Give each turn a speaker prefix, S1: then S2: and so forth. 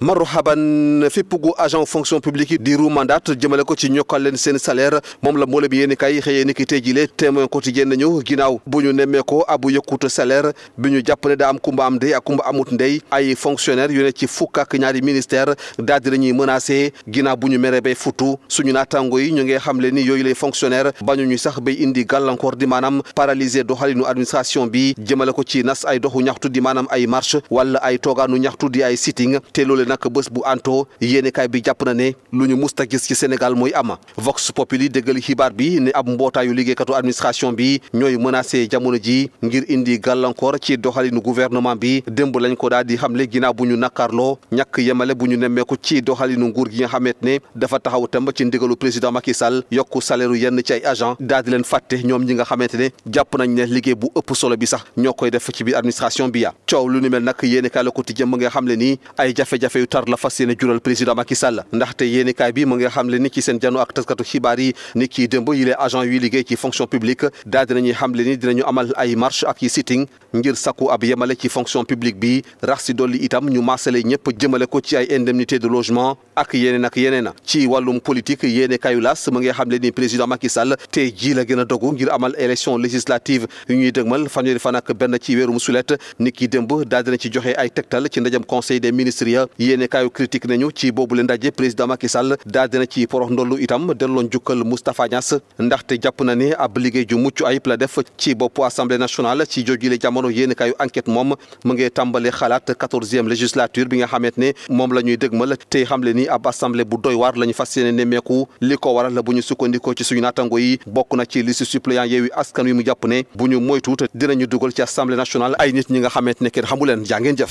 S1: marhaban fépp gu agent fonction publique di diiru mandat jëmale ko ci ñokkal leen seen salaire moom la moo la bi yéen i kaay xëyee ni ki tey jile témoin quotidien nañu ginnaaw bu ñu nemmee ko abu yëkkut salaire bi ñu jàpp ne daa am kumba am ndey ak kumba amut ndey ay fonctionnaire yu ne ci fukk ak ñaari ministère daal di lañuy menacé ginnaaw bu ñu meree bay futu suñu naataango yi ñu ngi xam le ni yooyu lay fonctionnaire bañu ñu sax bay indi gàllankoor di maanaam paralysé doxalinu administration bi jëmale ko ci nas ay doxu ñaxtu di maanaam ay marche wala ay toogaanu ñaxtu loolee nag bés bu anto yéenekaay bi jàpp na ne lu ñu musta gis ci Sénégal mooy ama Vox Populi déggal xibaar bi ne ab mbootaayu liggéeykatu administration bi ñooy menacé jamono ji ngir indi gàllankoor ci doxalinu gouvernement bi démb lañ ko daal di xamle ginnaaw bu ñu nakkaarloo ñakk yemale bu ñu nemmeeku ci doxalinu nguur gi nga xamante ne dafa taxaw temb ci ndigalu président Macky Sall yokku salaire yenn ci ay agent daal di leen fàtte ñoom ñi nga xamante ne jàpp nañ ne liggéey bu ëpp solo bi sax ñoo koy def ci bi ya coow lu jafe-jafe yu tar la fas yéene jural président Macky Sall ndaxte yéenekaay bi mu ngi xamle ni ci seen jano ak taskatu xibaar yi ni kii démb yi les agents yuy ci fonction publique daal dinañuy ni dinañu amal ay marche ak yi sitting ngir sakku ab yemale ci fonction publique bi rax si dolli itam ñu maasale ñëpp jëmale ko ci ay indemnité de logement ak yeneen ak yeneen ci wàllum politique yéenekaay yu las mu ngi xamle ni président Macky Sall tey jii la gën a dogu ngir amal élection législative yu ñuy dëgmal fanweeri fan ak benn ci weerum sulet ni kii démb daal dina ci joxe ay tegtal ci ndajam conseil des ministres yéene kaayu critique nañu ci boobu le ndaje président Macky Sall ci porox ndollu itam delloon jukkal Moustapha Niass ndaxte jàpp na ni ab liggéey ju mucc ayib la def ci bopp assemblée nationale ci jojule jamono yéene kaayu enquête moom mu ngi tàmbale xalaat quatorzième législature bi nga xamante ne moom la ñuy dëgmal tey xamle ni ab assemblée bu doy waar la ñu fas yéene nemmeeku li ko waral la bu ñu sukkandikoo ci suñu naatango yi bokk na ci li suppléant yeewi askan wi mu jàpp ne bu ñu moytuut dinañu dugal ci assemblée nationale ay nit nga xamante ne kenn xamu leen jaa ngeen